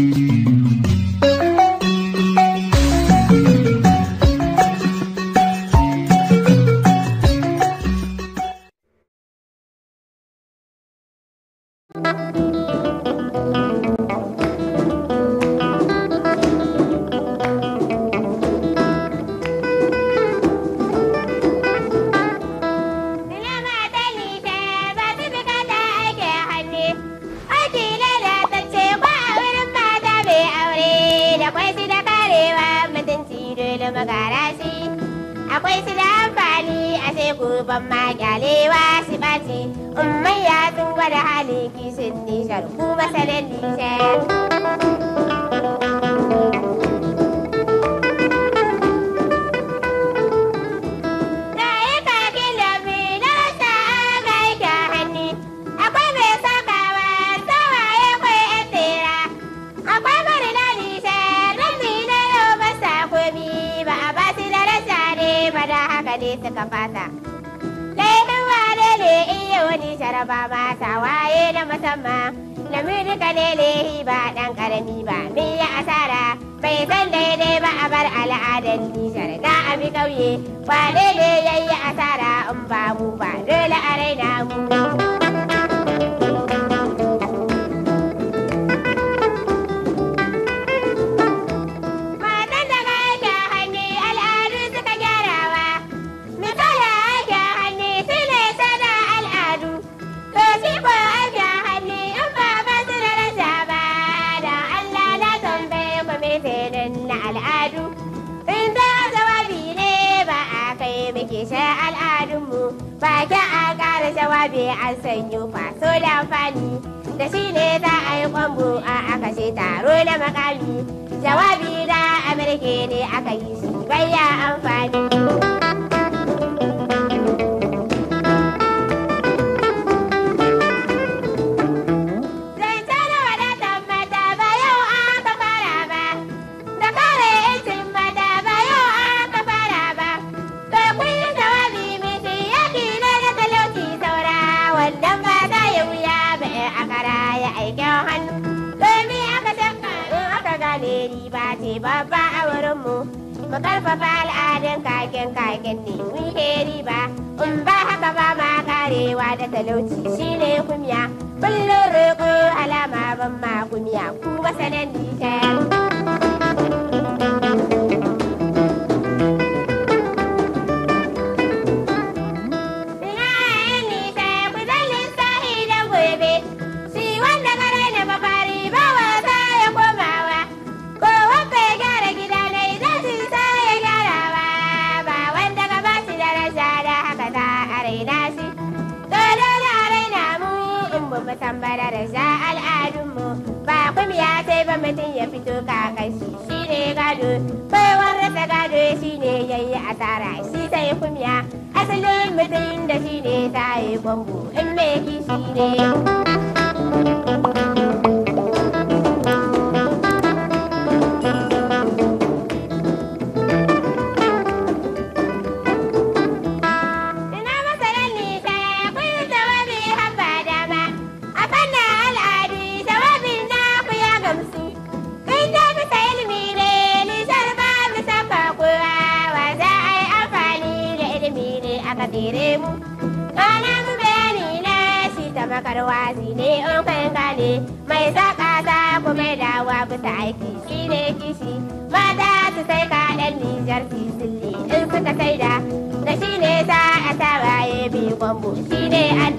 Thank you. akwai su da amfani a sai goban ma kyalewa su ɓace umar ya tuba da halin kisin nishar kuma salon nishar mata laihin wane ne iya wani jaraba mata waye na musamman namiji ka ne lehi ba dan karami ba me ya asara bai san daidai ba a bar al'adar nijar da abi kauye wane ne yayi asara in ba mu ba dole a raina mu al'adu in da jawabi ne ba a kai muke sha al'adunmu ba ki a ƙara jawabi an sanyo faso da amfani da shi ne za a yi kwambo a aka ce taro na makami jawabi da amurke ne aka yi shi bayya amfani Ku karfafa al'adun kakin kakin ne mun riba ba. In ba haka ba ma karewa da talauci shine kumya. Kullum roƙo alama ban ma kumya ku wasanan ta. 원고 엘메기시래 ambos. Iré al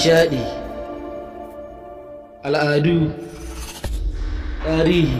nishaɗi al'adu tarihi